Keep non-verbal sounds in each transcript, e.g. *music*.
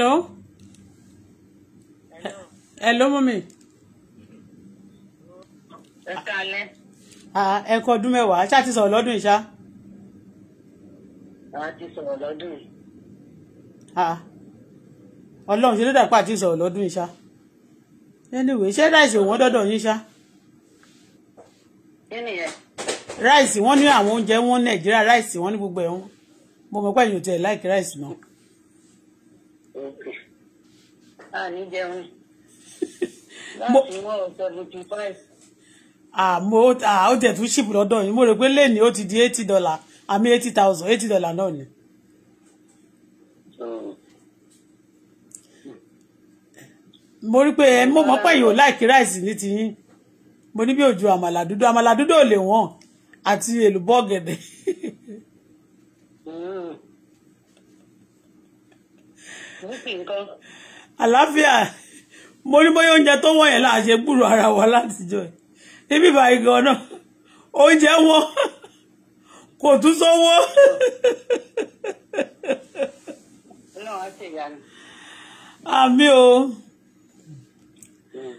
hello. hello. hello mọ́mí. ẹ kálẹ́. ẹ kọ ọdún mẹ́wàá ṣáà ti sọ̀rọ̀ lọ́dún ìṣá. a ti sọ̀rọ̀ lọ́dún yìí. ọlọ́run ṣe ló dàpọ̀ àti sọ̀rọ̀ lọ́dún ìṣá. anyway ṣé ráìsì òun dọ́dọ̀ yín ṣá. kí nìyẹn. ráìsì wọ́n ní àwọn oúnjẹ wọn nàìjíríà ráìsì wọ́n ní gbogbo ẹ̀ wọn mo mọ̀ pé ẹ̀yin ò tẹ̀ láìkí ráìsì náà a ní jẹun láti wọn ò seventy five. àmọ́ ó tẹ̀ tún ṣìpù lọ́dọ̀ yìí mo rò pé lẹ́ni ó ti di eighty dollar àmì eighty thousand eighty dollar náà ni. mo rí pé ẹ mọ̀ mọ́ pé yóò láìkí ráìsì ní tiyín mo ní bí òjò àmàlà dúdú àmàlà dúdú ò lè wọ́n àti èlùbọ́ ọ̀gẹ̀dẹ̀. Hmm àlàáfíà mo ní bóyá oúnjẹ tó wọ̀ yẹn láà ṣe gbúrò ara wa látijọ́ ẹ̀ níbí báyìí gan náà oúnjẹ wọn kò tún sówó. àmì o hmm.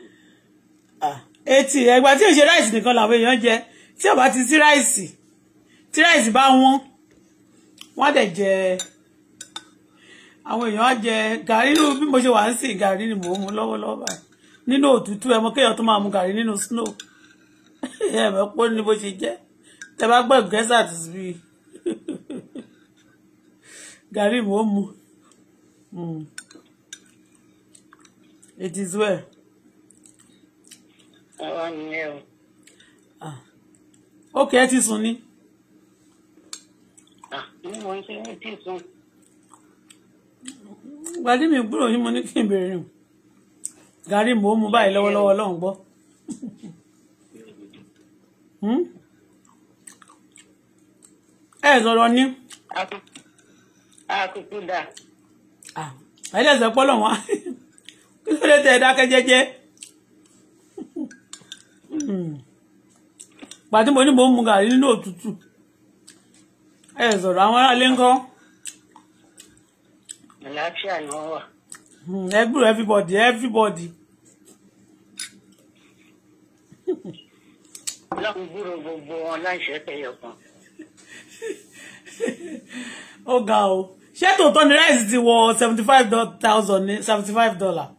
ah, etí ẹgbàá tí ò ṣe ráìsì nìkan làwọn èèyàn jẹ tí ó bá ti sí ráìsì tí ráìsì bá wọ́n wọ́n dẹ̀ jẹ àwọn èèyàn á jẹ gàrí nínú bí mo ṣe wà ń sìn gàrí ni mò ń mu lọ́wọ́lọ́wọ́ báyìí nínú òtútù ẹ mọ kéèyàn tó máa mu gàrí nínú snow *laughs* ẹ mọ pé ní bó ṣe jẹ tẹ bá gbọ́ gẹsà tó bí gàrí mò ń mu hmm. it is well. àwa nìyẹn o. ó ah. kẹ́ ẹ ti sùn ni. ah mo ń ṣe é ti sùn. gbadé mi gbúrò yín mo ní kí n mu báyìí lọ́wọ́lọ́wọ́ ọlọ́run gbọ́. Hmm? ẹ ní. àkùkù dà. wọn ah, *laughs* kí ló dé tẹ ẹ pàtí hmm. mo ní mò àlàáfíà ni every everybody everybody. Oh, gbúrò She wọn láìṣẹ́ pẹ̀yọ̀ the ó ga o ṣé tòótọ́ ni rice ti wọ seventy five thousand ní seventy five dollar.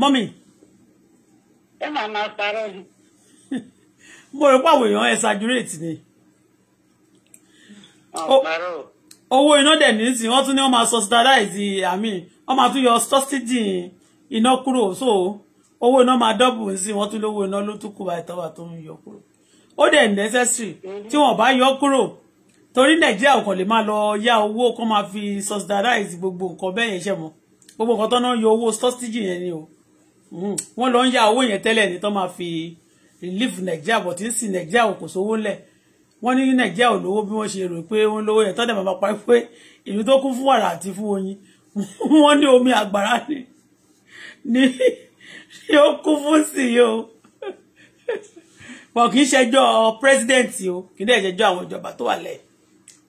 mọ́mì. ẹ máa máa parọ́ ni. *laughs* Oh. owó iná dẹ̀ ní sí wọ́n tún ní wọ́n máa subsidize àmì wọ́n máa tún yọ subsidy iná kúrò so owó iná máa dọ́bù sí wọ́n tún lówó iná ló tún kù báyìí tọ́wà tó ń yọ kúrò ó dẹ̀ necessary tí wọ́n bá yọ kúrò torí nàìjíríà ò kàn lè máa lọ yá owó kó máa fi subsidize gbogbo nǹkan bẹ́ẹ̀ yẹn ṣe mọ́ gbogbo nǹkan tán náà yọ owó subsidy yẹn ni o hmm. wọ́n lọ ń yá owó yẹn tẹ́lẹ̀ ní tán máa fi relief nàìjíríà bọ̀ tí ń sin nàìjíríà ò lẹ̀ wọ́n ní nàìjíríà ò lówó bí wọ́n ṣe rò pé wọ́n lówó yẹn tọ́jà bàbá parí pé ìlú tó kún fún wàrà àti fún oyin *laughs* wọ́n ní omi àgbàrá ni ni yóò kún fún sí i o wọn kì í ṣẹjọ́ pírẹsidẹǹtì o kì í dẹ̀ ṣẹjọ́ àwọn ìjọba tó wà lẹ̀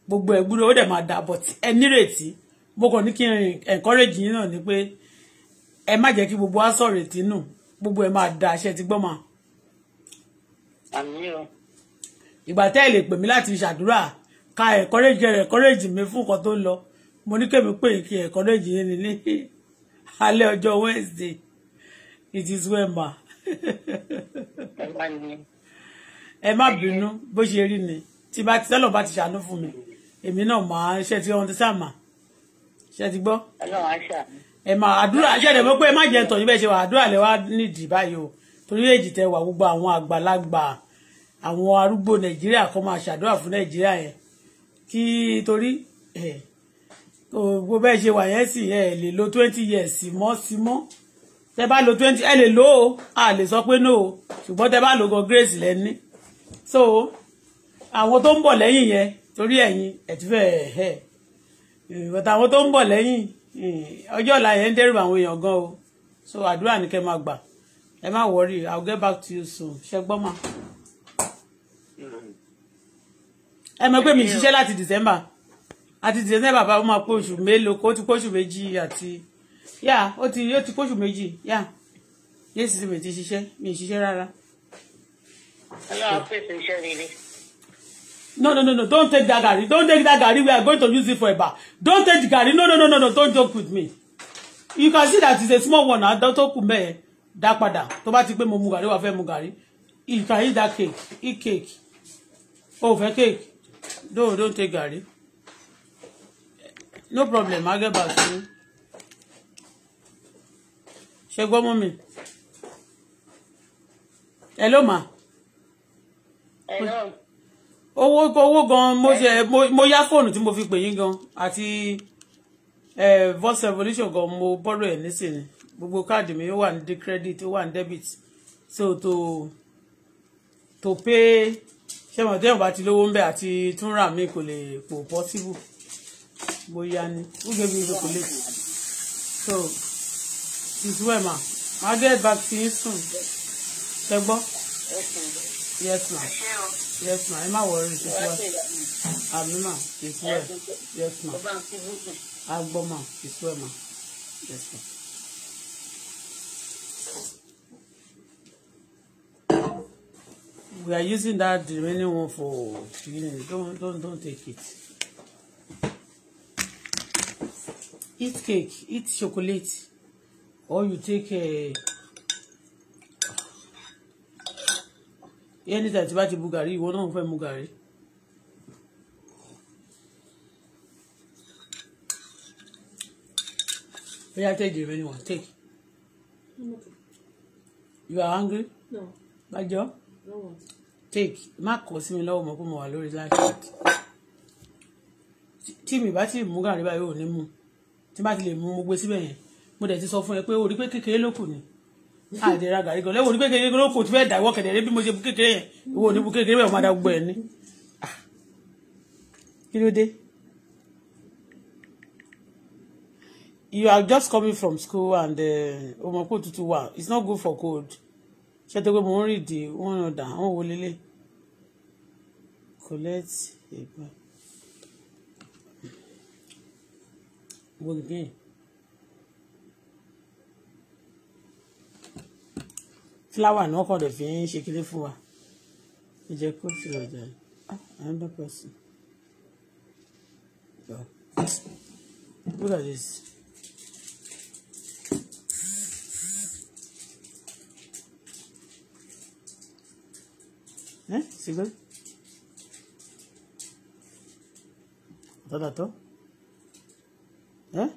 gbogbo ẹ̀gbúrò ó dẹ̀ máa dà bọ̀ ẹ nírètí mo kàn ní kí n encourage yín náà ni pé ẹ má jẹ́ kí gbogbo wa sọ̀rọ̀ ètí nù gbogbo ẹ máa da aṣẹ ti gbọ́ máa. àmì ìgbà tẹ́ ẹ̀ lè pè mí láti ṣàdúrà ka encourage rẹ̀ encourage mi fún nǹkan tó lọ mo ní kèmí pé kí encourage yín ní ní *laughs* alẹ́ ọjọ́ Wednesday it is well ma *laughs* ẹ má bínú bó ṣe rí ni tí bá ti tẹ́lọ̀ bá ti ṣàánú fún mi èmi náà máa ṣe ti ohun tí sáà mà ṣe ti gbọ́ ẹ máa àdúrà ṣẹ̀dẹ̀ mọ́ pé ẹ má jẹ́ ń bẹ́ẹ̀ ṣe wà àdúrà lẹ́wà nídìí báyìí o torí èjì tẹ wà gbogbo àwọn àgbàlagbà àwọn arúgbó nàìjíríà kan máa ṣàdúrà fún nàìjíríà yẹn kí torí eh, bẹ́ẹ̀ ṣe wà yẹn sì ẹ lè lo twenty years sí mọ́ sí mọ́ tẹ bá lo twenty ẹ lè lo o a lè sọ pé no ṣùgbọ́n tẹ bá lo gan grace lẹ́ni so àwọn tó ń bọ̀ lẹ́yìn yẹn torí ẹ̀yin ẹ̀túfẹ́ ẹ̀ bàtà àwọn tó ń bọ̀ lẹ́yìn eh, ọjọ́ ọ̀la yẹn ń dẹ́rù àwọn èèyàn gan o so àdúrà ni kẹ́ máa gbà ẹ má wọrí i will get back to you soon ṣẹgbọ́n máa ẹ mọ̀ pé mi ṣiṣẹ́ láti december àti december bá máa pọ̀ oṣù mélòó kó ti pọ̀ oṣù méjì àti yá ó ti ó ti pọ̀ méjì yá yéèsì sì mi ti ṣiṣẹ́ mi ṣiṣẹ́ rárá. No, no, no, no, don't take that garri. Don't take that garri. We are going to use it for a bar. Don't take the garri. No, no, no, no, no, don't joke with me. You can see that it's a small one. Ah, don't talk with me. Dá padà. Tó bá ti pé mo mu garri, wá fẹ́ mu garri. You can eat that cake. Eat cake. Oh, fẹ́ cake no don't take garri no problem i get back to you ṣe gbọ́ mú hello ma hello oh, owó gan mo ṣe mo yá fóònù tí mo fi pè yín gan àti voice evolution. Go, mo borrow anything. nísìnyí gbogbo káàdì mi ó wà credit ó wà debit so to to pay ṣé mo tẹ́wọ̀n bá ti lówó ń bẹ̀ àti túnra mi kò lè pò possible bóyá ni who gave you the police so it's well ma ma get back to you soon ṣe gbọ́ yes ma yes ma ẹ má wọrí it's well àmì ma it's well yes ma agbọ́ ma it's well ma yes ma. we are using that the remaining one for cleaning don't don't don't take it eat cake eat chocolate or you take a eh, anytime tí bá ti bu gàrí ìwọ náà fẹ́ mu take the remaining one take. You are hungry? No. Bàjọ́? No take má kọ sí mi lọ́wọ́ mọ́ pé mo wà lórí láìpẹ́ tí mi bá ti mú gàrí báyìí ò ní mú tí bá ti lè mú mo gbé síbẹ̀ yẹn mo dẹ̀ ti sọ fún ẹ pé orí pé kékeré ló kù ni àdéhà gàrí gan lẹ́wọ̀n orí pé kékeré ló kù tí fẹ́ dàwọ́ kẹ̀dẹ̀ bí mo ṣe bu kékeré yẹn ìwọ ò ní bu kékeré bẹ́ẹ̀ mo máa da gbogbo ẹ̀ ní. Ah. kí ló dé you are just coming from school and ọmọ eh, kò tutù wà it's not good for cold ṣé tó pé mo ń rìn dì wọ́n ràn dà wọ́n wò lélẹ̀ collect ìgbà wọ́n gbìn. fúláwà náà kọ̀ dẹ̀ fi ń ṣe kílé fún wa ẹ jẹ́ kó fi ọjà ah, another person. Look at this. ¿Eh? ¿Sigo? ¿Todo, todo? ¿Eh?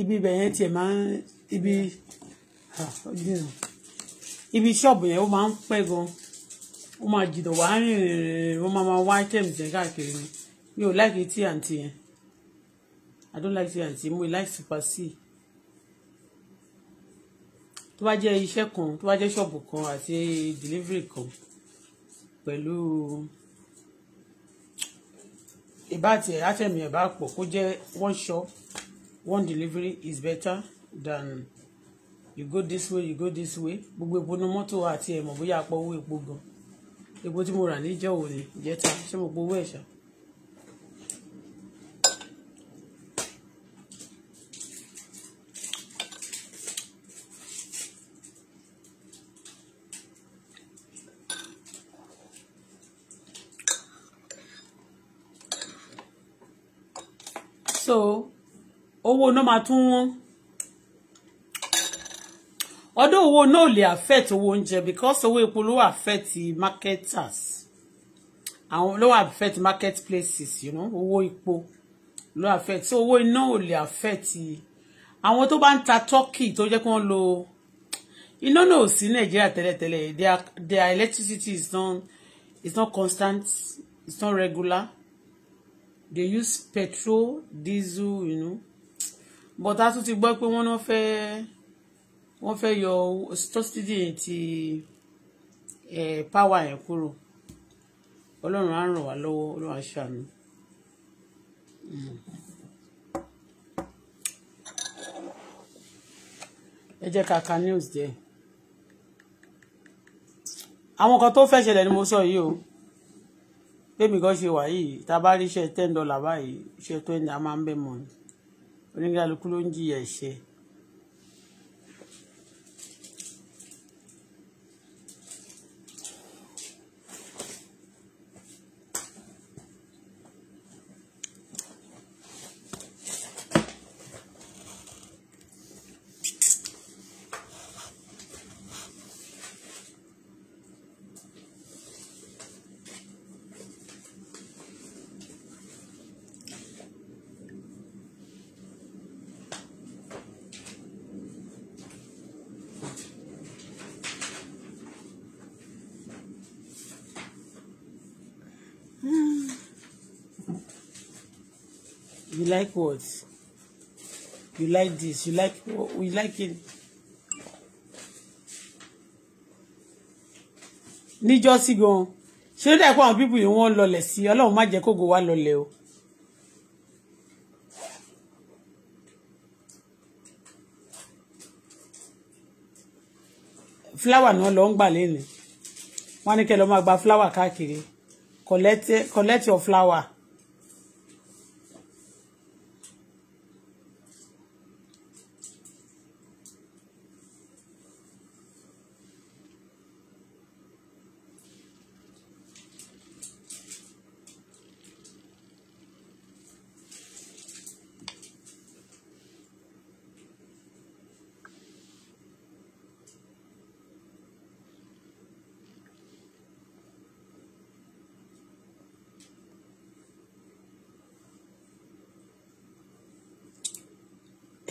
Ibi bẹ̀yẹn tiẹ̀ máa ń ibi ibi ṣọ́ọ̀bù yẹn ó máa ń pẹ́ gan ó máa jìnnà wá rìnrìn ó máa máa wá items yẹn káàkiri ni mi ò láìkí tí àǹtí I don't like tí àǹtí We like super see tó bá jẹ́ iṣẹ́ kan tó bá jẹ́ ṣọ́ọ̀bù kan àti delivery kan pẹ̀lú ìbá tiẹ̀ átẹ̀mí ẹ̀bá pọ̀ kó jẹ́ one shop one delivery is better than you go this way you go this way gbogbo epo ní mọ́tò àti ẹ̀mọ̀ bóyá apọ̀ owó epo gan epo tí mo rà níjọ́ òní ìjẹta ṣé mo gbowó ẹ̀ṣà owó náà máa tún wọ́n ọdún owó náà lè affect owó oúnjẹ because owó epo ló affect marketers àwọn ló affect market places you know owó epo ló affect so owó iná ò lè affect àwọn tó bá ń ta turkey tó jẹ́ kí wọ́n lo iná náà sí nàìjíríà tẹ́lẹ̀tẹ́lẹ̀ their their electricity is not is not constant it's not regular they use petrol diesel you know but a tún ti gbọ́ pé wọ́n náà fẹ́ wọ́n fẹ́ yọ subsidy ti power yẹn kúrò ọlọ́run á ràn wá lọ́wọ́ ọlọ́run á ṣàánú. ẹ jẹ́ ká ka news jẹ́ àwọn kan tó fẹ́ ṣẹlẹ̀ ni mo sọ yìí o pé mi kan ṣe wà yìí tá a bá rí iṣẹ́ ten dollar báyìí iṣẹ́ twenty a máa ń bẹ̀ mọ́ oníkálukú ló ń jìyà ẹ̀ṣẹ̀ like what you like this you like we like it. níjọ́ sí go. She don't like dẹ̀ people you want lolly see. lọlẹ̀ sí ọlọ́run má go kógo wá Flower no long náà lọ ń gbà flower wọn ní collect your flower.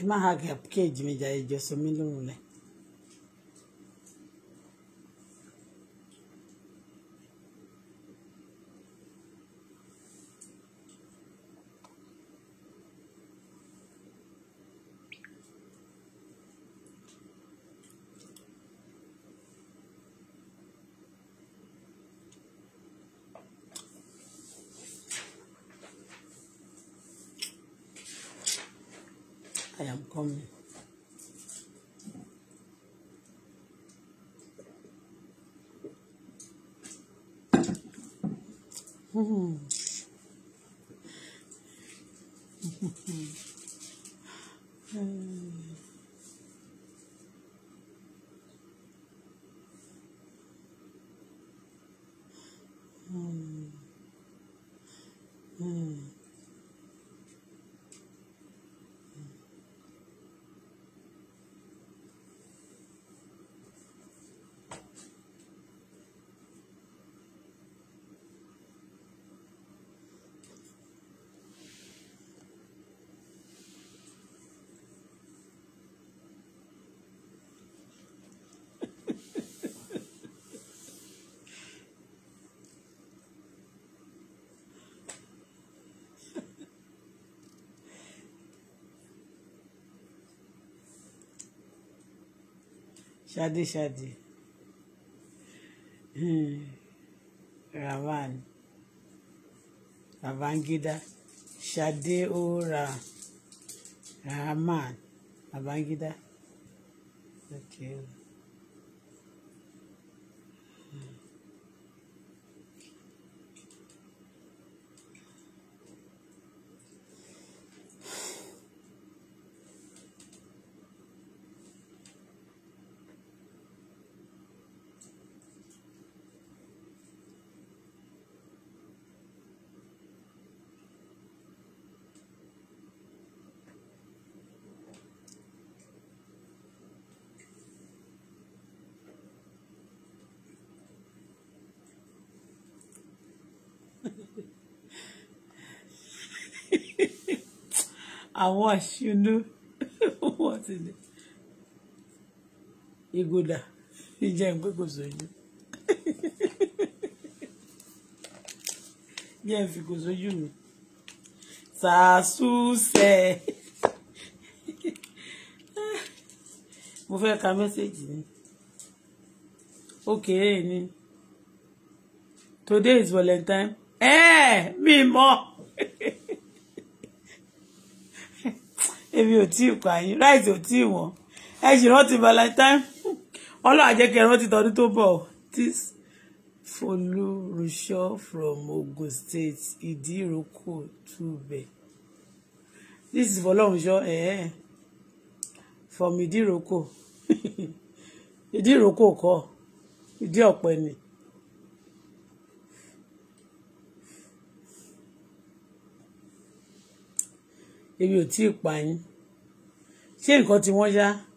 ẹ má hàgẹ̀ kéèjì mi jà ẹjọ́ sọ mí lóhùn Mm. Mm. Shadi Shadi, hmm. Ravan Babangida Ṣadé Ora Rahman Babangida. Okay. I wash, you know. What is it? Igoda. Ije n go ko soju. Jẹ́ fi kò sójú mi. Sàásùsẹ̀. *laughs* Mo fẹ́ ka mẹ́sẹ̀gì ni. Ókèé ni. Today is Valentine. Ẹ́ẹ̀ mi mọ̀. èmi ò tí ì pa yín ráìsì ò tí ì wọ́n ẹ ṣì rántí valentine ọlọ́run àjẹkẹ́ rántí tọdún tó bọ̀ this folúrúṣọ́ from Ogun State ìdíròkò túbẹ̀ this is folúrúṣọ́ ẹ̀ẹ́ eh, from ìdíròkò *laughs* ìdíròkò kọ́ ìdí ọ̀pẹ ni. èmi ò tí ì pa yín 先过去我下。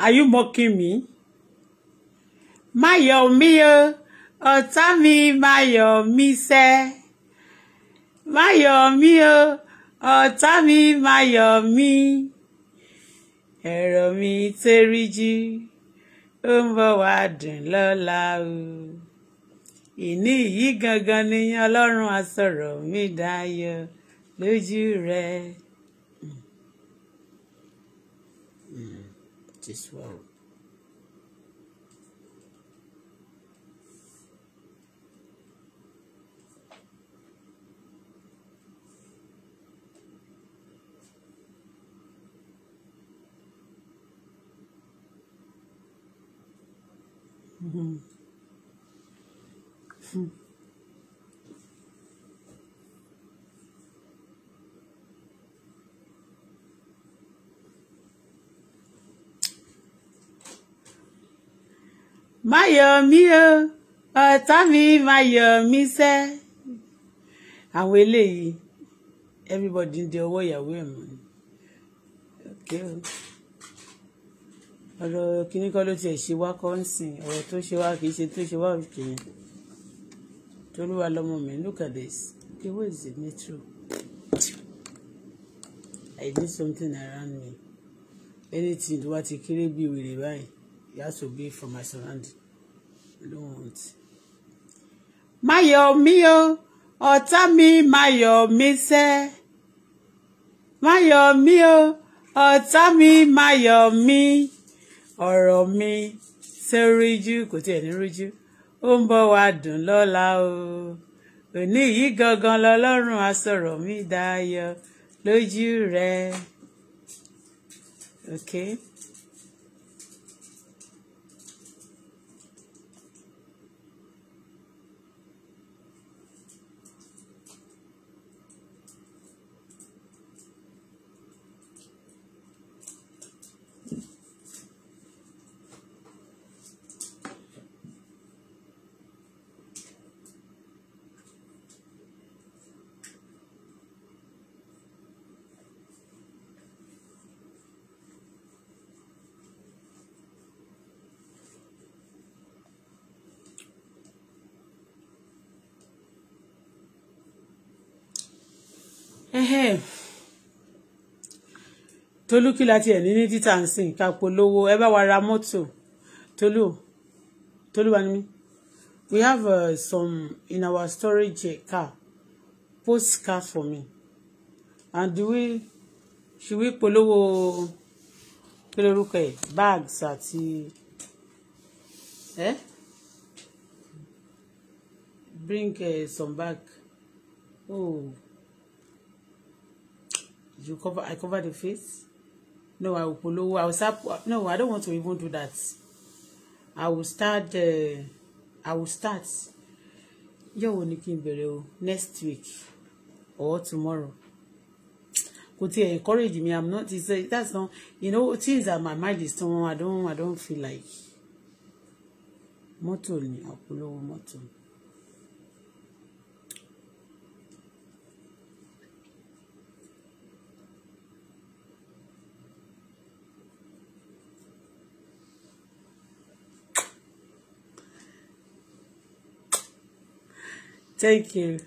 Are you mocking me? Máyọ̀ mi o, ọ̀tá mi máyọ̀ mi sẹ́. mi o, ọ̀tá mi máyọ̀ mi. Ẹ̀rọ mi tẹ́ríjú, ó ń bọ̀ wá dùn lọ́la o. Ìní yìí mi dáyọ̀ lójú rẹ̀. it as well. Mm-hmm. *laughs* má yọ̀ mí o ọ̀tá mi má yọ̀ mí sẹ́ àwọn eléyìí everybody ń de ọwọ́ ìyàwó ẹ̀ mọ́ ni ọ̀rọ̀ kíní kọ́ ló tiẹ̀ ṣe wá kọ́ ń sìn ọ̀rọ̀ tó ṣe wá kì í ṣe tó ṣe wá òkè yẹn tolúwa lọ́mọ mi look at this okay what is the metro I need something around me anything tó bá ti kéré bí wèrè báyìí. It has to be from my surrounding. I don't want. Máyọ̀ mi o, ọ̀tá mi máyọ̀ mi sẹ́. Máyọ̀ o, ọ̀tá mi máyọ̀ mi. Ọ̀rọ̀ mi ṣe ríjú kò tiẹ̀ ní ríjú. Ó ń bọ̀ wá dùn lọ́la o. Òní yìí gangan lọ́lọ́run asọ̀rọ̀ mi dayọ̀ Okay. tolú kí láti ẹ̀ ní ní títà ń sìn ká polówó ẹ bá wa ra mọ́tò tolú tolú wa ni mí we have uh, some in our storage car post car for me and do we should we polówó kí lorúkọ ẹ bags àti eh? bring uh, some back. Oh you cover I cover the face no I will polówó I will start no I don't want to even do that I will start uh, I will start yọ̀wò ni kí n bẹ̀rẹ̀ o next week or tomorrow kò tí encourage me I'm not it's, uh, that's not you know things that my mind is torn I don't I don't feel like mọ́tò ni àpolówó mọ́tò ni. Thank you.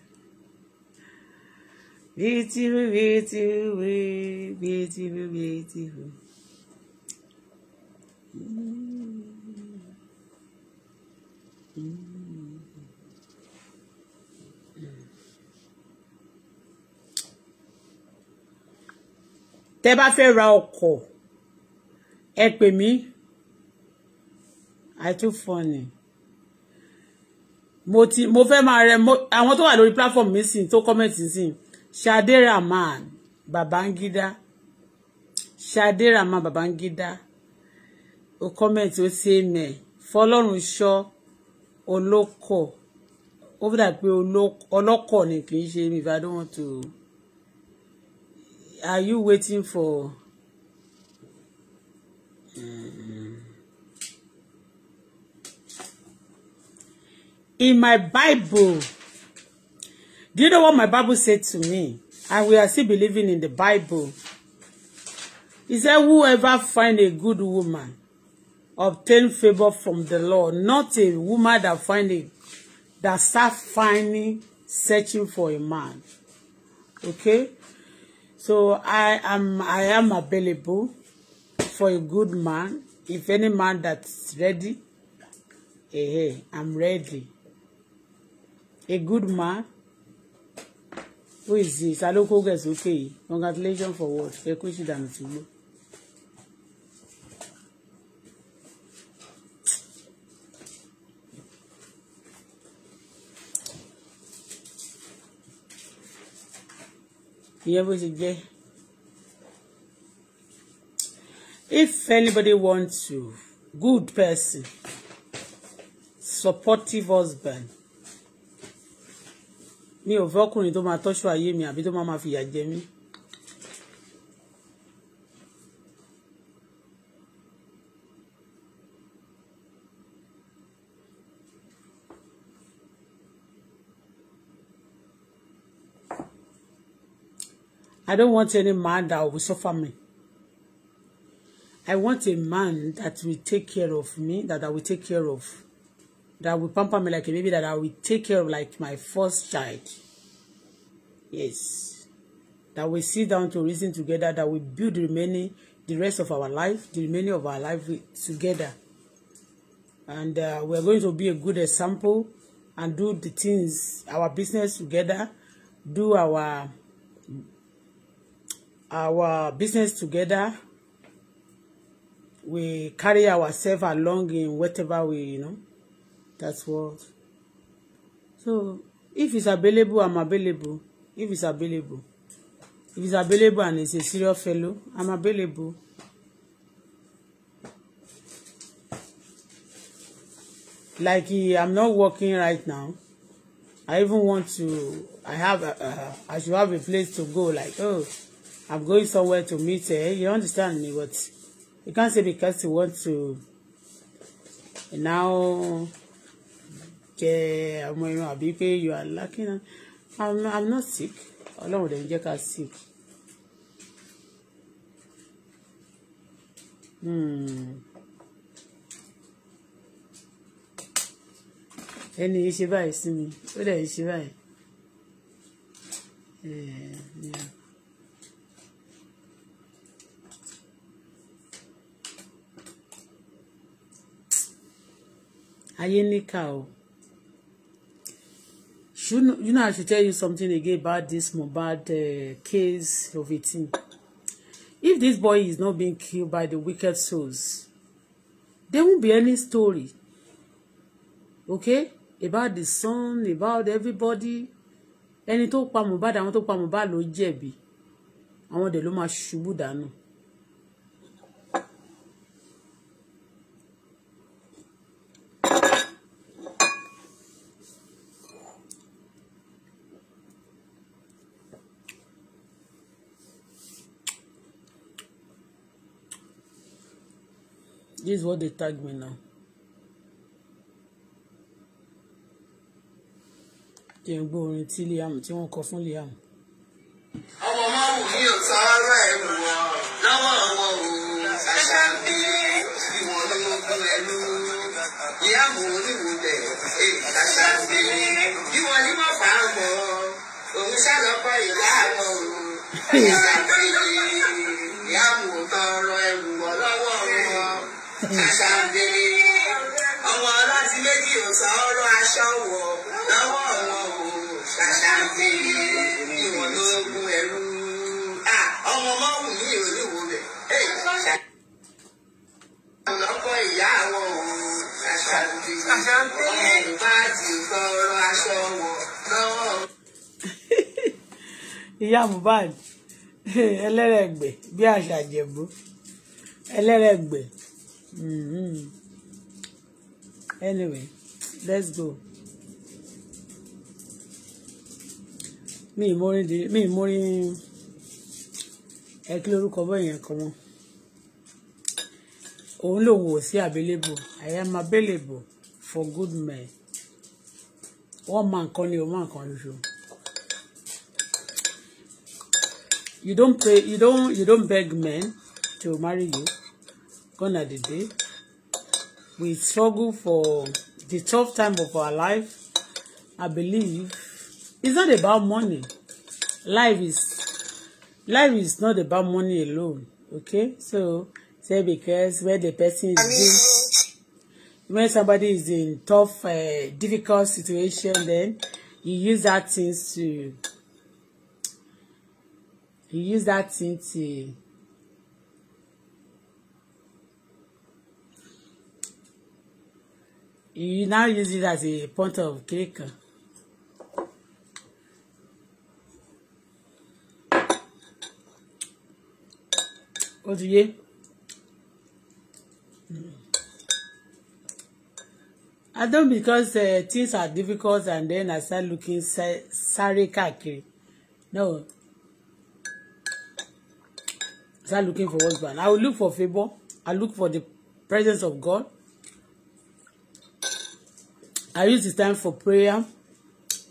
Beautiful, beautiful, beautiful, beautiful. Mm. Mm. Tẹ́ bá fẹ́ ra ọkọ̀ ẹ pè mí I too funny mo ti mo fẹ́ máa rẹ àwọn tó wà lórí platform mi sìn tó comment sìn Ṣadé Rahman Babangida Ṣadé Rahman Babangida o comment o ṣe mẹ fọlọ́run ṣọ́ olóko ó fi dàbí ọlọ́kọ̀ ni kì í ṣe mi if I don't want to are you waiting for. Mm -hmm. in my Bible. Do you know what my Bible said to me? And we are still believing in the Bible. He said, whoever find a good woman, obtain favor from the Lord. Not a woman that find a, that start finding, searching for a man. Okay? So I am, I am available for a good man. If any man that's ready, hey, eh, eh, hey, I'm ready a good man who is he saloko gẹ̀ sókè congratulations for what A kó sì dànù sígbó. ìyẹn bó ṣe jẹ́. if anybody wants to good person supportive husband mi ò fọkùnrin tó máa tọ́ṣọ ayé mi àbí tó máa máa fìyà jẹ mí. I don't want any man that will suffer me. I want a man that will take care of me, that I will take care of that will pamper me like a baby, that I will take care of like my first child. Yes. That we sit down to reason together, that we build the remaining, the rest of our life, the remaining of our life together. And uh, we're going to be a good example and do the things, our business together, do our our business together. We carry ourselves along in whatever we, you know, That's what. So if it's available, I'm available. If it's available. If it's available and it's a serious fellow, I'm available. Like eh, I'm not working right now. I even want to, I have, a, uh, uh, I should have a place to go. Like, oh, I'm going somewhere to meet her. Eh, you understand me? But you can't say because you want to now jẹ àwọn ẹran àbí pé you are lacking i'm, I'm not sick ọlọ́run dẹ̀ ń jẹ́ ká sick. Hmm. ẹni yìí ṣe báyìí sí mi ó dẹ̀ yìí ṣe báyìí. Eh, yeah. ayé níkà o you know, you know I should tell you something again about this Mohbad uh, case of a thing. If this boy is not being killed by the wicked souls, there won't be any story, okay, about the son, about everybody. Ẹni tó pa Mohbad, àwọn tó pa Mohbad ló jẹ̀bi. Àwọn dẹ̀ ló máa ṣubú dànù. This is what they tag me now. Jẹ́ ń gbọ́ orin tí Liam tí wọ́n kọ fún Liam. Ọmọ máa wù mí ò sáárà ẹ̀ wọ̀ lọ́wọ́ ọ̀wọ́ o, ṣàṣà ń bí ìwọ̀n ló ń gún ẹnu. Liam oníwòlẹ̀ èyí ń bí ìwọ̀n ní mọ̀ fà á mọ̀ òun ṣàlọ́pọ̀ ìyá àmọ́ o. Ẹ̀yà ṣàpèjì Liam ò tọrọ ẹ̀wọ̀ ṣàǹdé ọmọ ọlọ́tí méjì ò sọ ọ̀rọ̀ aṣọ wọ̀ lọ́wọ́ wọn ò ṣàṣàǹdé ìwọ̀n lóògùn ẹ̀rú ọmọ mọ́wù ní ìròyìnwó rẹ̀ ọlọ́kọ̀ ìyá àwọn ò ṣàṣàǹdé ọmọ ìbá ti sọ ọ̀rọ̀ aṣọ wọ̀ lọ́wọ́. ìyá Mohbad *laughs* ẹlẹ́rẹ̀gbẹ́ bí àṣà jẹ̀bú ẹlẹ́rẹ̀gbẹ́. Mm-hmm. Anyway, let's go. Mi mori di mi mori ẹ kí lórúkọ bẹ́ẹ̀ yẹn kan wọn. Òun lòun ò sí available. I am available for good men. Wọ́n máa nǹkan ni òun máa nǹkan lóṣù. You don't pray. you don't, you don't beg men to marry you gone are the day. We struggle for the tough time of our life. I believe it's not about money. Life is life is not about money alone. Okay, so say because when the person is doing, when somebody is in tough, uh, difficult situation, then you use that things to you use that thing to you now use it as a point of click. Ó do you? I don't because uh, things are difficult and then I start looking sorry, kaki. No. start looking for husband. I will look for favor. I look for the presence of God. I use this time for prayer.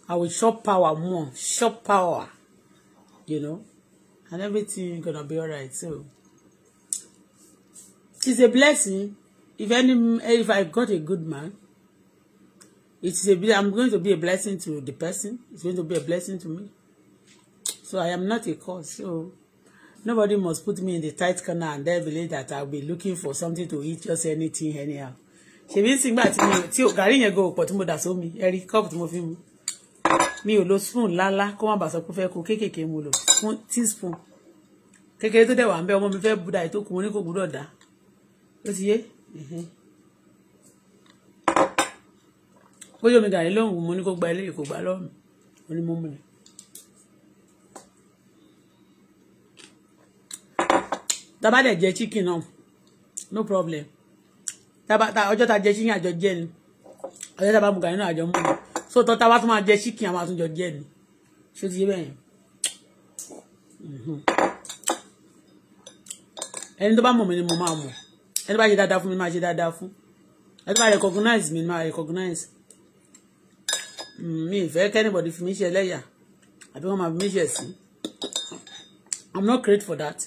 I will show power more, show power, you know, and everything gonna be alright. So it's a blessing. If any, if I got a good man, it's a. I'm going to be a blessing to the person. It's going to be a blessing to me. So I am not a cause. So nobody must put me in the tight corner and then believe that I'll be looking for something to eat, just anything, anyhow ṣèbí sígbà tí mo tí gàrí yẹn gan òpọ̀ tí mo dà sómi ẹ̀rí kọ́ọ̀pù tí mo fi mu mi ò lo spoon ńláńlá kó má bàa sọ pé fẹ́ kó kéékèèké mo lò fún teaspoon kékeré tó dẹ̀ wà ń bẹ́ ọmọ mi fẹ́ buda ètò kùn ní kò gbúdọ̀ dá ó ti yé mhm. bójú omi gàrí lóhùn mo ní kó gba eléyìí kò gbá lọ́rùn mo ní mo mú ni. tá bá dẹ̀ jẹ chicken náà no problem ọjọ́ ta jẹ chicken àjọ jẹ ni ọjọ́ ta bá mu gàrí náà àjọ mú so tọ́ ta bá tún máa jẹ chicken àwọn àtúnjọ jẹ ni ṣé ti yé bẹ́ẹ̀ yẹn mhm. ẹni tó bá mọ̀ mí ni mo máa mọ̀ ẹni tó bá ṣe dáadáa mi máa ṣe dáadáa fún ẹni tó recognize mi máa recognize hmm, mi ìfẹ́ anybody fi mí ṣe ẹlẹ́yà àbí wọ́n máa fi mí ṣe I'm not great for that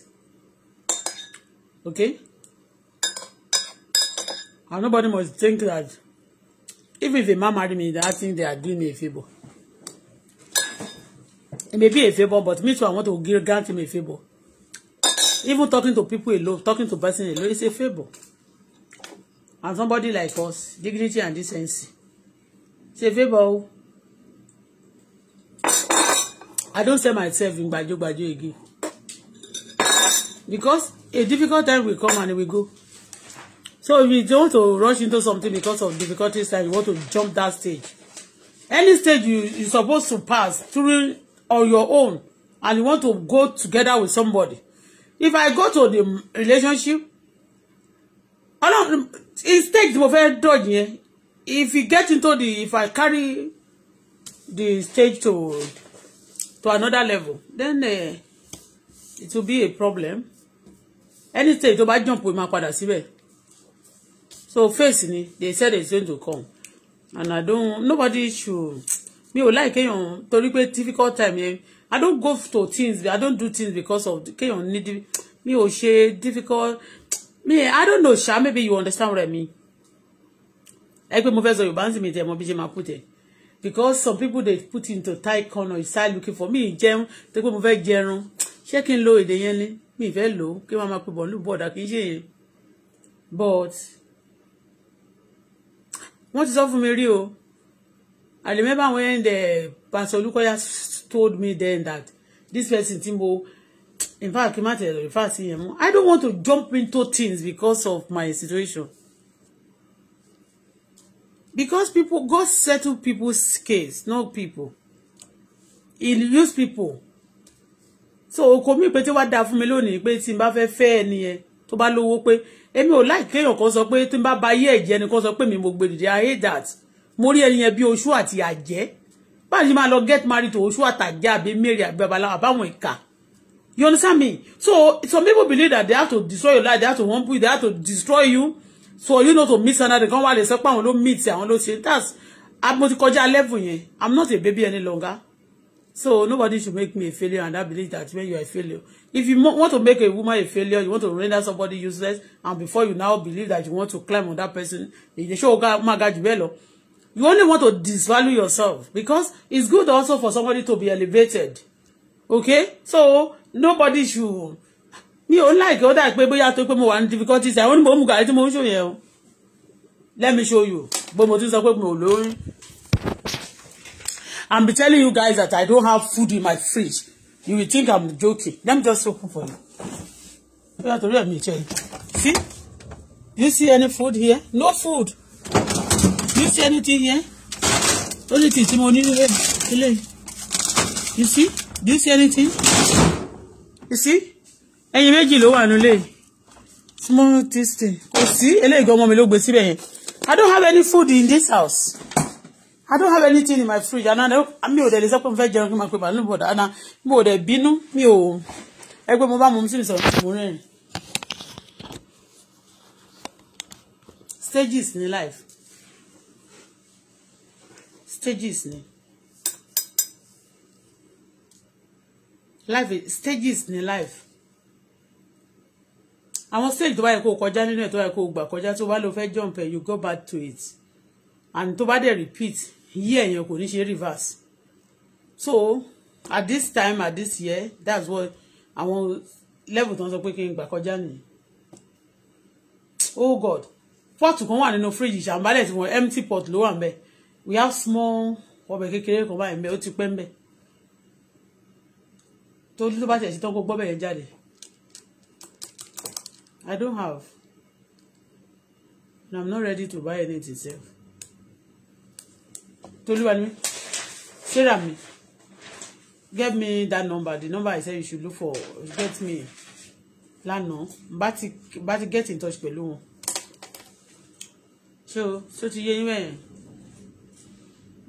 okay. And nobody must think that even if a man marry me, that think they are doing me a favor. It may be a favor, but me too, I want to grant him a favor. Even talking to people alone, talking to person alone, it's a favor. And somebody like us, dignity and decency. It's a favor. Oh. I don't say myself in Gbajo Gbajo again. Because a difficult time will come and it will go. So if you don't to rush into something because of difficulties and you want to jump that stage, any stage you, you supposed to pass through on your own and you want to go together with somebody. If I go to the relationship, in stage mo fẹ́ dodge yẹn, if you get into the, if I carry the stage to to another level, then uh, it will be a problem. Any stage tó bá jump ó máa padà síbẹ̀ so face ni they said it's going to come and i don't nobody should mi like, láì kéèyàn to repeat difficult time yẹn i don't go to things i don't do things because of kéèyàn need Me, ò ṣe difficult Me, i don't know ṣá maybe you understand what i mean ẹ pé mo fẹ́ sọ yorùbá ń sì mi tẹ mo put ẹ because some people they put into tight corner inside looking for me. jẹun tẹ pé mo fẹ́ jẹun Checking low, n lo èdè yẹn ni mi ì my lò ó kí n máa but wọ́n ti sọ fún mi rí o I remember when the pastor Olukoya told me then that this person tí mo in fact kí n má tẹ̀ refer sí yẹn mọ́ I don't want to jump into things because of my situation because people God settle people's case not people he use people so kò mí pé tí wàá da fún mi lónìí pé tí n bá fẹ́ fẹ́ ẹ nìyẹn tó bá lówó pé èmi ò láì kéèyàn kan sọ pé tí n bá ba ayé ẹ̀jẹ̀ ẹnìkan sọ pé mi mo gbé dìde I hate that mo rí ẹni yẹn bí oṣù àti àjẹ́ báyìí máa lọ get married to oṣù àtàjẹ́ àbí mary àbí babaláwo àbáwọn ìka you understand me so some people believe that they have to destroy your life they have to humble you they have to destroy you so you know to meet another kan wà lè sọ pé àwọn ló meet àwọn ló ṣe that's mo ti kọjá level yẹn i'm not a baby any longer so nobody should make me a failure and i believe that when you are a failure If you want to make a woman a failure, you want to render somebody useless, and before you now believe that you want to climb on that person, you only want to disvalue yourself because it's good also for somebody to be elevated. Okay? So nobody should mi ò like ó dà pé bóyá tó pé mo difficulties àwọn onímọ̀ òmùgà tí mo ń ṣòyẹn let me show you I'm be telling you guys that I don't have food in my fridge you will think i'm joking let me just open for you You have to ẹ̀mí me, yìí see do you see any food here no food do you see anything here only thing tí mo ní nílé you see do you see anything you see And you make ló wà nílé small this Oh, see? i don't have any food in this house. I don't have anything in my fridge and I mi ò dẹ̀ lè sọ pé mo fẹ́ jẹun kí n máa pe màálù bọ̀dá and mi ò dẹ̀ bínú mi ò ẹgbẹ́ mo bá mu sí mi stages ní life stages ní life stages in life àwọn stage tó bá yẹ kó kọjá nínú ẹ̀ tó bá yẹ kó gbà kọjá tó bá jump ẹ̀ you go back to it and to bá dẹ̀ repeat yí ẹ̀yàn kò ní ṣe reverse so at this time at this year that's what àwọn level tó ń sọ pé kí n gbà kọjá nìyí oh god pot kan wà nínú fridge ṣàǹbálẹ̀ tí wọ́n empty pot ló wà ń bẹ̀ we have small ọbẹ̀ kékeré kan báyìí ń bẹ̀ ó ti pẹ́ ń bẹ̀ tó ló bá tẹ̀ sí tán kó gbọ́ bẹ̀yẹn jáde i don't have and i'm not ready to buy anything sef. Tolúwa ni sarah me. get me that number the number I said you should look for get me lánàá bá ti bá ti get in touch pẹ̀lú wọn so so ti yé yín mẹ́rin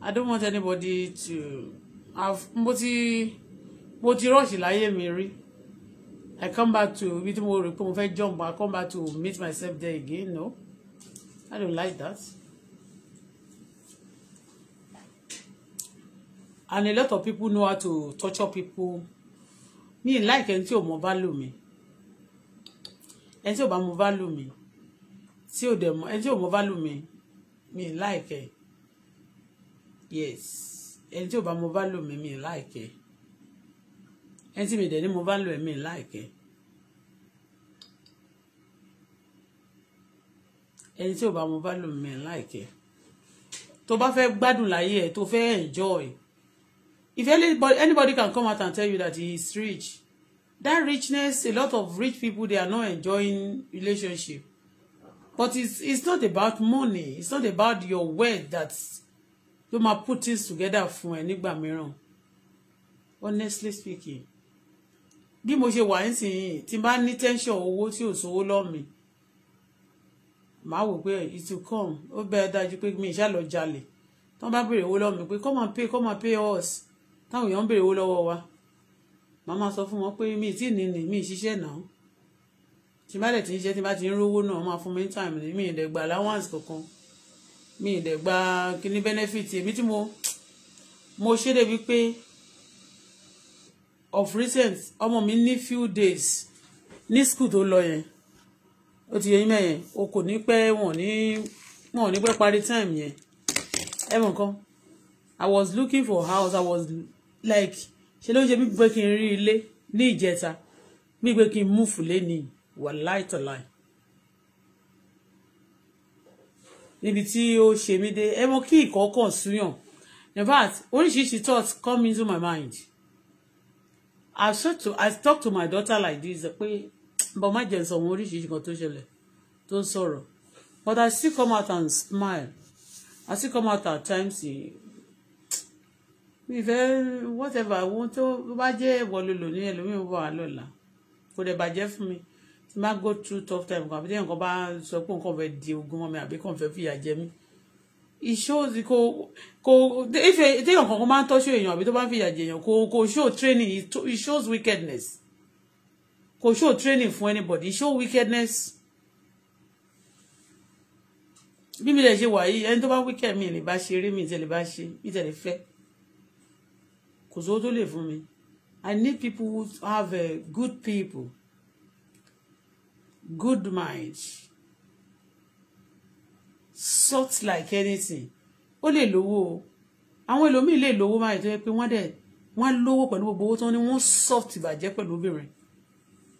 I don't want anybody to have mo ti mo ti rush láyé mi rí I come back to ibi tí mo rò pé mo I come back to meet myself there again no I don't like that. and a lot of people know how to torture people Me like ẹni tí ò mọ value mi ẹni tí ò bá mọ value mi tí ò dẹ̀ mọ ẹni tí ò mọ value mi Me like ẹ yes ẹni tí ò bá mọ value mi Me like ẹ ẹni tí mi dẹ̀ ní mọ value ẹ Me like ẹ. ẹni tí ò bá mọ value mi like ẹ tó bá fẹ́ gbádùn láyé ẹ tó fẹ́ enjoy if anybody anybody can come out and tell you that he is rich that richness a lot of rich people they are not enjoying relationship but it's it's not about money it's not about your wealth that ló máa put things together fún ẹ nígbà mìíràn honestly speaking bí mo ṣe wà nísìnyí tí n bá ní tension owó tí ò sówó lọ́mìí màá wò pé it will come ó bẹ́ẹ̀ dájú pé mi ìṣàlọ̀ jalè tí wọ́n bá béèrè owó lọ́mìí pé come and pay come and pay us táwọn èèyàn ń béèrè owó lọ́wọ́ wa màá sọ fún wọn pé mi tí ní ní mi ṣiṣẹ́ náà tí bá dẹ̀ ti ń ṣe tí bá ti ń rówó náà máa fún mi ní time ní mi ì dẹ̀ gba allowance kankan mi ì dẹ̀ gba kíní benefit èmi tí mo mo ṣe débi pé of recent ọmọ mi ní few days ní school tó lọ yẹn ó ti yẹ yín mẹ́yẹn o kò ní pẹ́ wọ́n ní wọ́n ní pẹ́ parí time yẹn ẹ mọ̀ nǹkan I was looking for house I was like ṣe ló ń ṣe bí pé kí n rí ilé ní ìjẹta bí pé kí n múfù lé ní wà láìtọ̀láì níbi tí ó ṣe mí dé ẹ mọ kí ìkọ̀ọ̀kan súyàn in fact oríṣiríṣi thoughts come into my mind i talk to i talk to my daughter like this pé bọ́n má jẹ́ sọ̀rọ̀ oríṣiríṣi kan tó ṣẹlẹ̀ tó ń sọ̀rọ̀ but i still come out and smile i still come out at times. In, mi fẹ́ eh, whatever ohun tó bá jẹ́ ẹ̀wọ̀ lòlò ní ẹlòmíì wà á lọ́la kò dẹ̀ bàjẹ́ fún mi tí má go through tough time kan àbí tí nǹkan bá sọ pé nǹkan fẹ́ di ogun mọ́ mi àbí kàn fẹ́ fìyà jẹ mí it shows kò kò ife eh, téèyàn kankan máa ń tọ́jú èèyàn àbí tó bá ń fìyà jẹ èèyàn kò kò show training it shows wickedness kò show training fún anybody it show wickedness bí mi lè ṣe wà yìí ẹni tó bá wíkẹ̀ mi lè bá ṣe eré mi tẹ̀lé bá ṣe mi tẹ̀lé fẹ́ kò sówó tó lè fún mi I need people who have a good people good mind soft like anything ó lè lówó o àwọn ẹlòmíì lè lówó máa ètò ẹ pé wọ́n dẹ̀ wọ́n lówó pẹ̀lú gbogbo owó tó ní wọ́n soft ìbàjẹ́ pẹ̀lú obìnrin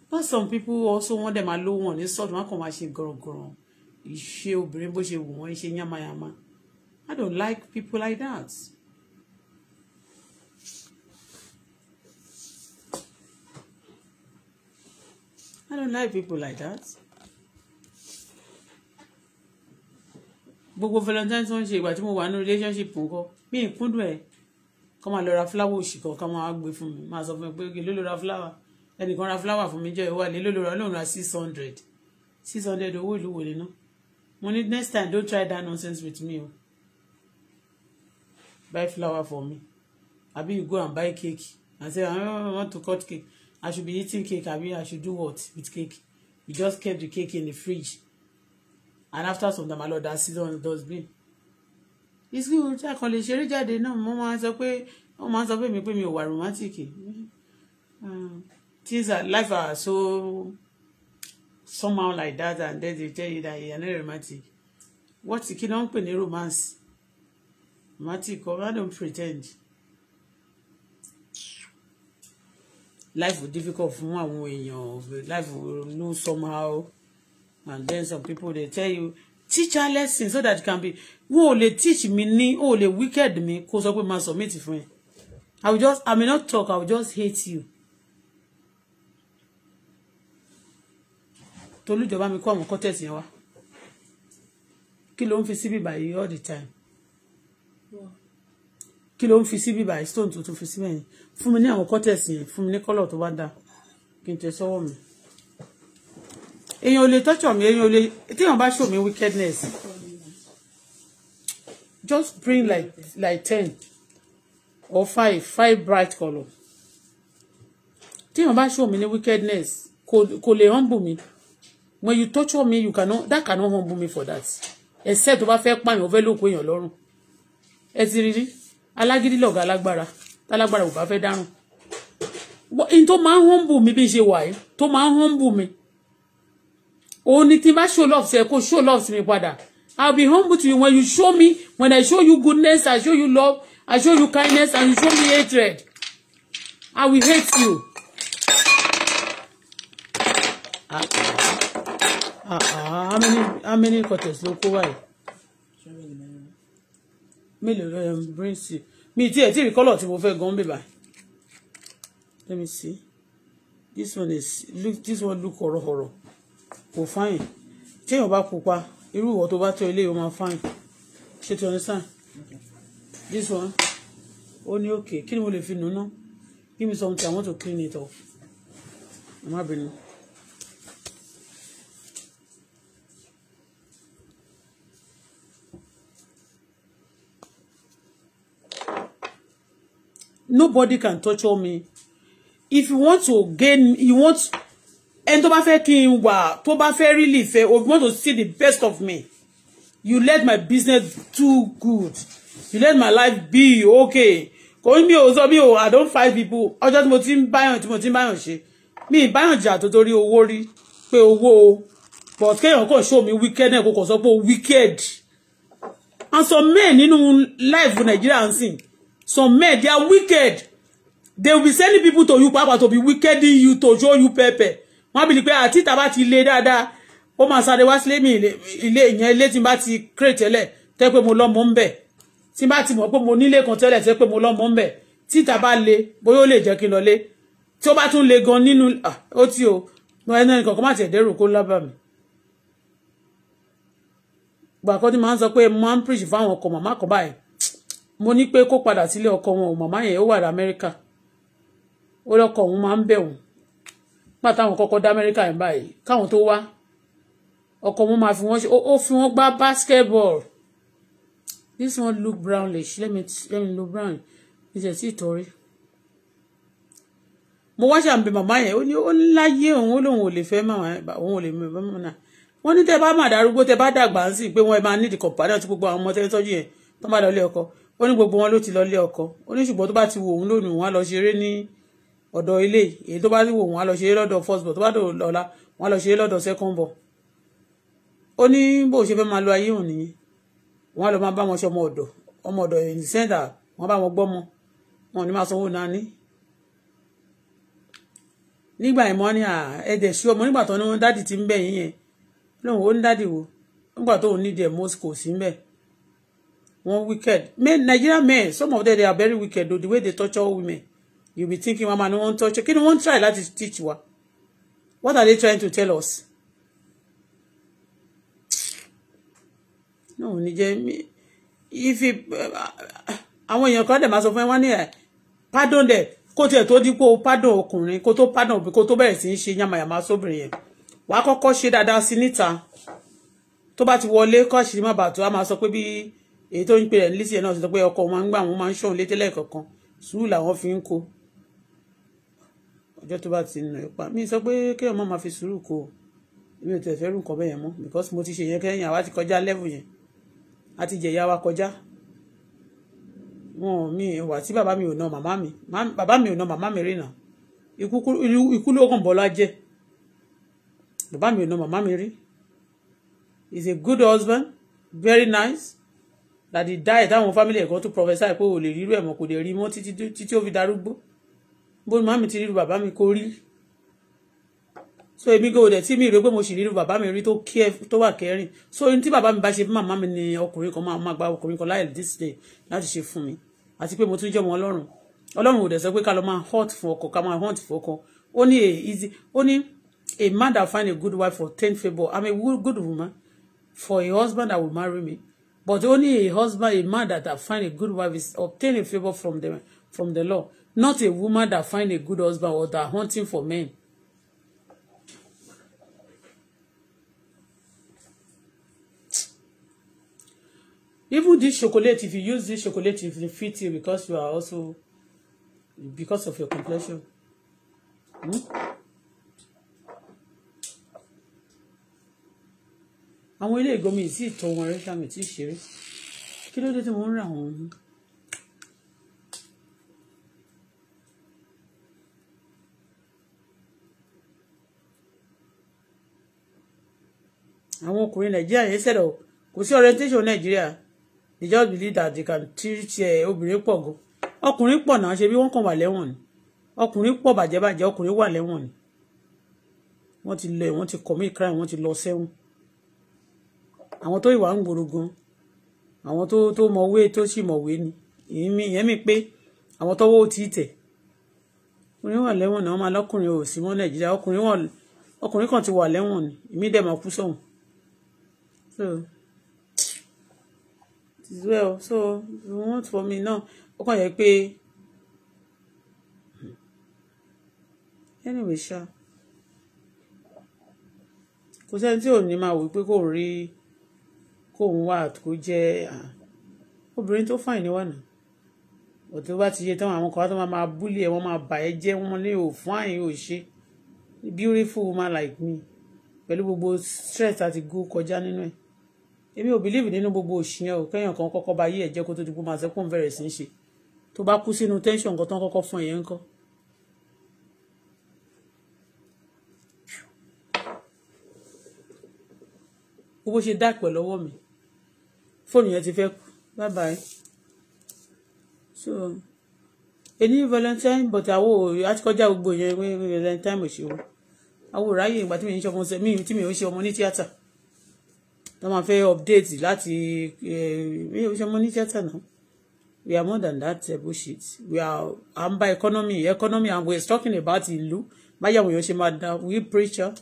but some people also wọ́n dẹ̀ máa lówó wọn ní soft wọ́n kàn máa ṣe gọ̀rọ̀gọ̀rọ̀ ìṣe obìnrin bó ṣe wù wọ́n ṣe yánmayánmá I don't like people like that. I don't like people like that. gbogbo valentine tó ń ṣe ìgbà tí mo wà ní relationship nǹkan mi ì kúndùn ẹ kọ́ máa lọ ra fúláwà òṣì kan kọ́ máa gbé fún mi máa sọ fún mi pé kí ló lọ ra fúláwà ẹnìkan ra fúláwà fún mi jọ ìwà lé ló lọ ra lóun ra six hundred six hundred owó ìlú wò lẹ́nu mo ní next time don't try that nonsense with me o buy flower for me àbí you go and buy cake I say i want to cut cake I should be eating cake. I mean, I should do what with cake? We just kept the cake in the fridge. And after some time, my lord, that season does the dustbin. It's good. I call it ṣeré jáde náà. Mo máa ń sọ pé, mo máa ń sọ pé mi pé mi romantic. Hmm. Things are, life are so somehow like that and then they tell you that you are not romantic. What's the ló ń pè romance? Romantic, I don't pretend. life difficult fún àwọn èèyàn life no somehow and then some people dey tell you teach her lesson so that it can be wọn ò teach me ni o ò wicked me kó sọ pé máa submit fún ẹ i will just i may not talk i will just hate you. Tolu tolújọba mi kó àwọn kọ́tẹ̀sì yẹn wá kí ló ń fi síbí báyìí all the time. Yeah kí ló ń fi síbí báyìí stone tuntun fi síbẹ̀ yẹn fún mi ní àwọn kọ́tẹ̀sì yẹn fún mi ní kọ́lọ̀ tó bá dáa kí n tẹ sọ́wọ́ mi èèyàn ò lè tọ́jọ̀ mi èèyàn ò lè téèyàn bá show mi wickedness just bring like like ten or five five bright colour téèyàn bá show mi ní wickedness kò kò lè humble mi when you torture me you cannot that cannot humble me for that except tó bá fẹ́ pààyàn ó fẹ́ lóko èèyàn lọ́rùn ẹ ti rí rí alágídí lọ̀gá alágbára tálágbára ò bá fẹ́ dáràn n tó máa ń humble mi bí n ṣe wà yìí tó máa ń humble mi òun ni tí n bá show love sí ẹ kó show love sí mi padà I'll be humble to you when you show me when I show you goodness I show you love I show you kindness and you show me hatred I will hate you. Ah, ah, ah, how many how many quarters ló kó wáyé? mélòó ló ń um, bring sí mi tí ẹ̀ tí rí kọ́lọ̀ tí mo fẹ́ gan bèbà let me see this one is look this one look họ̀rọ̀họ̀rọ̀ kò fáyìn téèyàn bá pupa irú ìwọ tó bá tọ́ ilé yìí ó máa fáyìn ṣe tí understand this one ó ní òkè kí ni mo lè fi nù ná give me something i want to clean it up mama bìnrin. nobody can torture me if you want to gain you want ẹni tó bá fẹ́ kí n wà tó bá really fẹ́ or you want to see the best of me you let my business do good you let my life be okay kò ní mi ò sọ mi ò i don't fight people ọjọ́ tí mo ti ń báyàn tí mo ti ń báyàn ṣe mi ìbáyàn jà tó torí owó rí pé owó o but kéèyàn kàn show me wicked náà kò so sọ wicked and some men nínú life Nàìjíríà ń sìn Some men, they are wicked. They will be sending people to you, Papa, to be wicked you, to show you pepper. Wọ́n bí ni pé àti tàbá ti le dáadáa, ó máa sáré wá sílé mi ilé ìyẹn ilé tí n bá ti kéré tẹ́lẹ̀ tẹ́ pé mo lọ́mọ ń bẹ̀. Tí n bá ti mọ̀ pé mo nílé kan tẹ́lẹ̀ tẹ́ pé mo lọ́mọ ń bẹ̀. Tí tàbá le, bóyá ó lè jẹ́ kí n lọ lé. Tí ó bá tún le gan nínú, ó ti o, ẹni kankan má tiẹ̀ dẹ́rù kó lábàá mi gbàkọ́ ni màá sọ pé màá ń preach fáwọn ọkọ̀ màmá kan báyìí mo ní pé kó padà sílé ọkọ wọn ò màmá yẹn ó wà ní amẹ́ríkà ó lọ́kọ òun máa ń bẹ̀ wọ́n nígbà táwọn kọ́kọ́ dá amẹ́ríkà yẹn báyìí káwọn tó wá ọkọ wọn máa fi wọ́n ṣe ó fi wọ́n gbá basketball this one look brownish let me let me look brown is ìṣẹ̀ sí ìtọ́rí mo wá ṣàǹbẹ̀ màmá yẹn ó ní ó láyé òun ó lóun ò lè fẹ́ màmá yẹn òun ò lè mọ̀ màmá náà wọ́n ní tẹ́ bá mà darúgbó tẹ́ bá dàgbà ń sìn pé wọ́n máa ní ìdí kọ̀ǹpánà tí gbogbo àwọn ọmọ tẹ́ ń tọ́jú yẹn tó bá lọ ilé ọkọ ó ní gbogbo wọn ló ti lọlé ọkọ ó ní ṣùgbọ́n tó bá ti wò òun lónìí wọn á lọ ṣeré ní ọ̀dọ̀ ilé èyí tó bá ti wò wọn á lọ ṣeré lọ́dọ̀ first ball tó bá lọ́la wọn á lọ ṣeré lọ́dọ̀ second ball ó ní bó ṣe fẹ́ máa lo ayé wọn á lọ máa bá wọn ṣe ọmọ ọ̀dọ̀ ọmọ ọ̀dọ̀ in the center wọn bá wọn wọn máa ti ń yín yẹn One wicked men Nigerian men some of them they are very wicked though the way they torture women you be thinking mama no wan torture kí ni wọ́n try láti teach wa what are they trying to tell us. no ní jẹ́ mi ifi àwọn èèyàn kan dẹ̀ máa sọ fún ẹ wọ́n eh, pardon dẹ̀ Kote tiẹ̀ tó dípò pardon ọkùnrin kó tó pardon òbí kó tó bẹ̀rẹ̀ sí í ṣe yamayama sóbìnrin yẹn wàá kọ́kọ́ ṣe dáadáa sí níta tó bá ti wọlé kọ́ọ̀ṣì má bàa tó a máa sọ pé bíi èyí tó ń pè rẹ̀ lísì ẹ̀ náà sọ pé ọkọ wọn máa ń gbà wọn máa ń ṣóhun létí lẹ́ẹ̀kọ̀ọ̀kan sùúrù làwọn fi ń kó ọjọ́ tó bá ti nà ipa mi sọ pé kéèyàn má máa fi sùúrù kó o èmi ò tẹ̀ fẹ́ rú nǹkan bẹ́ẹ̀ yẹn mọ́ because mo ti ṣe yẹn kẹ́yìn àwa ti kọjá level yẹn a ti jẹ̀yà wa kọjá wọn mi wà tí bàbá mi ò nà màmá mi bàbá mi ò nà màmá mi rìnà ikú ló kàn bọ́lá jẹ́ bàbá mi ò nà màmá mi rí is a good husband very nice that he died táwọn family ẹ̀kọ́ tó prophesy pé ò lè rírú ẹ̀mọ́ kò lè rí mọ́ títí títí ó fi darúgbó bó ni màmí ti ríru bàbá mi kó rí so èmi gbé òdẹ tí mi rè pé mo sì ríru bàbá mi rí tó kí ẹ tó wà kẹrin so ní tí bàbá mi bá ṣe fún màmá mi ni ọkùnrin kan máa gba ọkùnrin kan láì this day láti ṣe fún mi àti pé mo tún jẹ́ ọmọ ọlọ́run ọlọ́run òdẹ sọ pé ká lọ máa hot fún ọkọ ká máa hunt fún ọkọ ó ní a easy ó ní a man that find a good wife for ten favour i'm a good woman for a husband that will marry me But only a husband, a man that have find a good wife is obtain a favor from the from the law. Not a woman that find a good husband or that hunting for men. Even this chocolate, if you use this chocolate, it will fit you because you are also because of your complexion. Hmm? àwọn ilé ìgbọ́n mi ì tí ì tọ́ wọn rẹ́ ṣáà mi ì tí ì ṣeré kí ló dé tí mo ń rà wọ́n yìí. àwọn ọkùnrin nàìjíríà yẹn sẹ̀rọ̀ kò sí orientation nàìjíríà they just believe that they can treat eh, obìnrin pọ̀ gan ọkùnrin pọ̀ náà ṣe bí wọ́n kàn wà lẹ́wọ̀n ni ọkùnrin pọ̀ bàjẹ́ bàjẹ́ ọkùnrin wà lẹ́wọ̀n ni wọ́n ti lọ wọ́n ti commit crime wọ́n ti lọ sẹ́wọ̀n àwọn tó ìwà ń gbòòrò gan àwọn tó tó mọ̀wé tó sì mọ̀wé ni ìyẹn mi pé àwọn tọ́wọ́ ò tí ì tẹ̀ ọkùnrin wà lẹ́wọ̀n náà máa lọ́kùnrin ò sí mọ́ nàìjíríà ọkùnrin wọn ọkùnrin kan ti wà lẹ́wọ̀n ni èmi dẹ̀ máa kú sọ̀hún so so you want for me now ó kàn yẹ pé anyway ṣá kò sẹ́ni tí ò ní máa wí pé kò rí kóun wà kó jẹ́ obìnrin tó fàìn ní wọ̀nà òtí ó bá ti yẹ táwọn àwọn kan wá tó máa máa búlì ẹ wọ́n máa bà ẹ́ jẹ́ wọ́n ní òfún àyìn ò ṣe beautiful woman like me pẹ̀lú gbogbo stress àti go kọjá nínú ẹ̀ èmi ò believe nínú gbogbo òṣìyàn ò kẹ́yàn kan kọ́kọ́ bá yí ẹ̀jẹ̀ kó tó di pé màá sẹ́kùn bẹ̀rẹ̀ sí í ṣe tó bá kú sínú tension kan tán kọ́kọ́ fún ẹ̀yẹn ń kọ́. bó ṣe dá pẹ̀ lọ́wọ́ mi fóònù yẹn ti fẹ́ kú bye bye so èní valentine but àwo àtikọjá gbogbo yẹn pé valentine ò ṣe wọ àwo ráyè ìgbà tí mi ń ṣe ọmọ mi tí eh, mi ò ṣe ọmọ ní tíátà tó máa fẹ́ update láti mi ò ṣe ọmọ ní tíátà náà we are more than that uh, bullshit we are à ń economy economy and we are talking about ìlú báyàwó yẹn ṣe máa da we preacher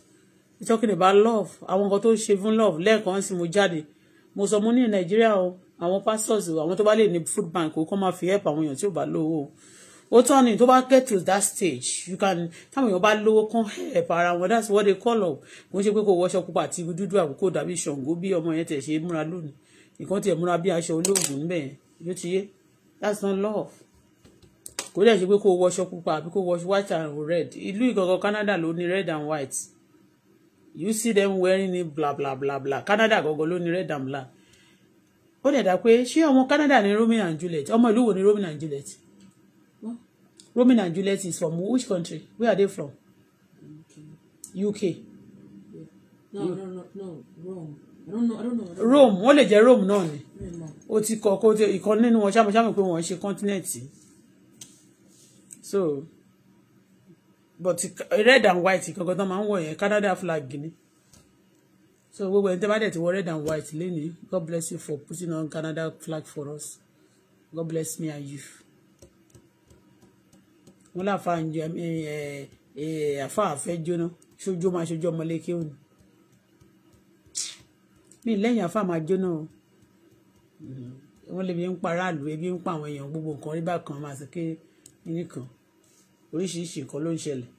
we talking about love àwọn nǹkan tó ṣe fún love lẹ́ẹ̀kan sí mo jáde mo sọ mo ní nàìjíríà o àwọn pastors àwọn tó bá lè ní food bank o kó máa fi help àwọn èèyàn tí ò bá lówó o tọ́ ni tó bá get to that stage you can táwọn èèyàn bá lówó kán help ara wọn that's what they call up kò ń ṣe pé kò wọṣọ pupa àti dúdú àkókò dàbí ṣàngó bí ọmọ yẹn tẹ̀ ṣe múra lónìí nǹkan tiẹ̀ múra bí aṣọ olóògùn níbẹ̀ yẹn yóò ti yé that's not love kò dẹ̀ ṣe pé kò wọṣọ pupa àbí kò wọṣọ white and red ìlú ìgangan Canada ló ní red and white you see them wearing ni bla bla bla bla Canada gọgọ ló ní red and black ó dẹ̀ dá pé ṣé ọmọ Canada ni Romeo and Juliet ọmọ ìlú wo ni Romeo and Juliet Romeo and Juliet is from which country where are they from UK. No, no, no, no, Rome. I don't know, I don't know, Rome wọ́n lè jẹ́ Rome náà ni o ti kọ̀ kó ìkan nínú wọn ṣàmùṣàmù pé wọ́n ṣe kọ́ńtínẹ̀tì so but red and white kankan tán máa ń wọ̀ yẹn Canada flag ni so gbogbo ẹni tẹ́ bá dẹ̀ ti wọ̀ red and white lénìí God bless you for putting on Canada flag for us God bless me and you wọn láfa àfa àfẹ jóná ṣojú máa ṣojú ọmọléke òní mi lẹ́yìn àfa máa jóná o wọn lè bí ń pa aráàlú ebi ń pa àwọn èèyàn gbogbo nǹkan rí bákan máa ṣe ké nìkan oríṣiríṣi nǹkan ló ń ṣẹlẹ̀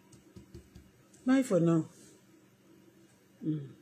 bye for now. Hmm.